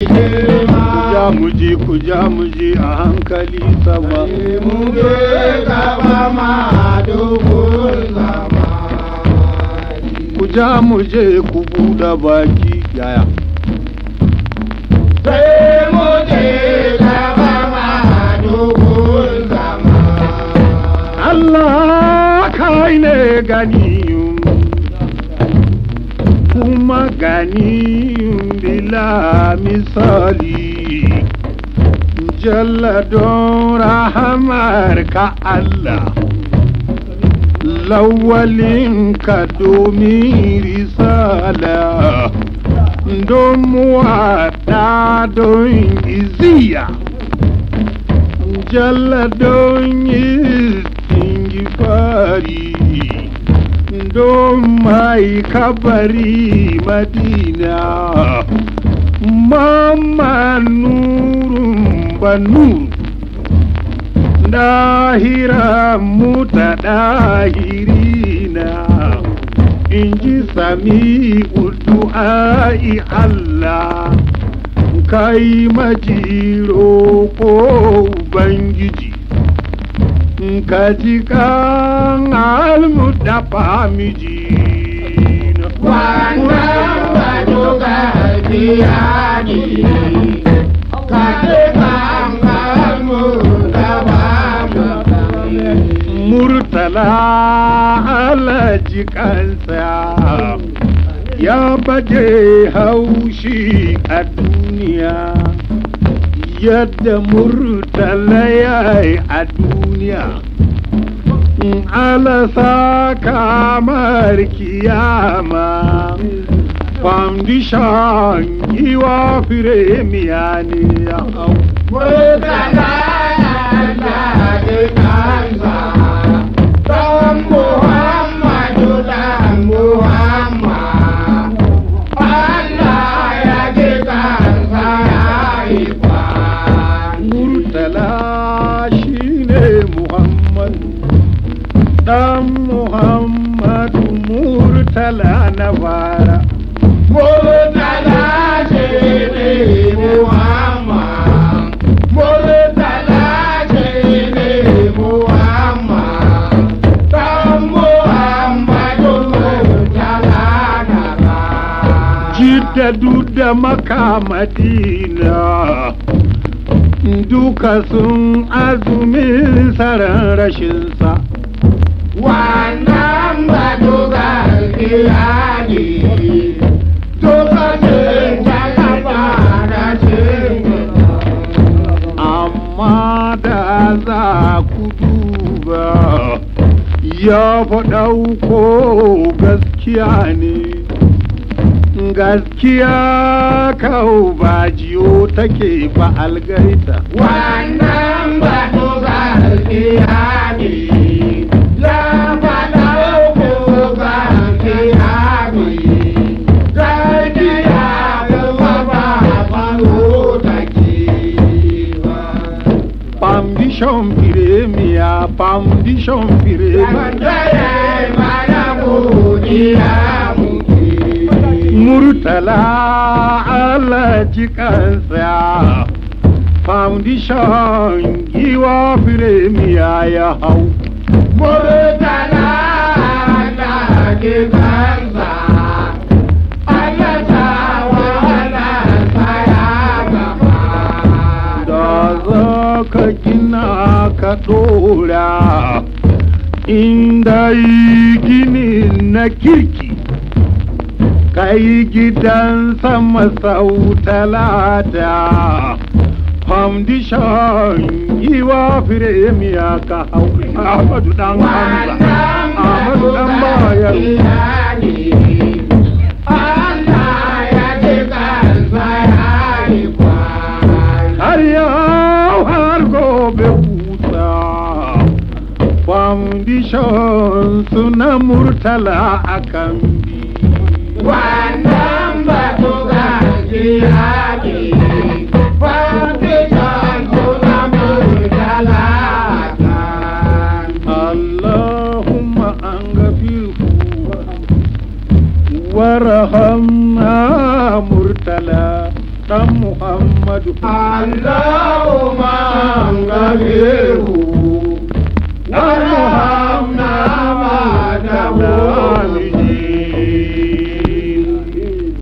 Ja muji ku ja muji a hankali sama. Mu ge gaba ma dukkan zamani. Ku ja muje ku buɗe baki yaya. Sai mu je gaba ma Allah kai ne gani kuma gani لا misali jalla don rahamar ka Allah lawalin ka domin risala don muwaɗa don iziya jalla don yi fari don mai kabari madina mama nurun ba nuru dahira muta dahirina inji sami sami du'a'i Allah kai majiro ko ubangiji katika almudafa miji na kwana wadoga Murtala alaji kansa ya baje haushi a duniya yadda murtala ya yi a duniya. Alasa kamar kiyama foundation iwa fire miyani ya au mutala ya de kanza dan muhammadu dan muhammad Allah ya de kanza ya ifa mutala shine muhammad dan muhammadu murtala na ba da duk da makamatina duka sun azumin saran rashinsa wannan ba dogar ilani lokacin talaba da cin amma da za ku duba ya faɗa ko gaskiya ne gaskiya kawo ba jiyo take ba algaita wannan ba to ba alkiya ne la ba la ko foundation premier foundation premier ba ya ma Murutala ala ji foundation giwa firemiya ya hau murtala Allah ji kansa ka gina ka inda yi ginin na kirki kai gidan sama sau talata foundation yiwa firem ya ka hau ahmadu dan hamza ahmadu dan bayan yau har gobe kuta foundation suna murtala akan وارحمنا مرتلا دم نعم محمد اللهم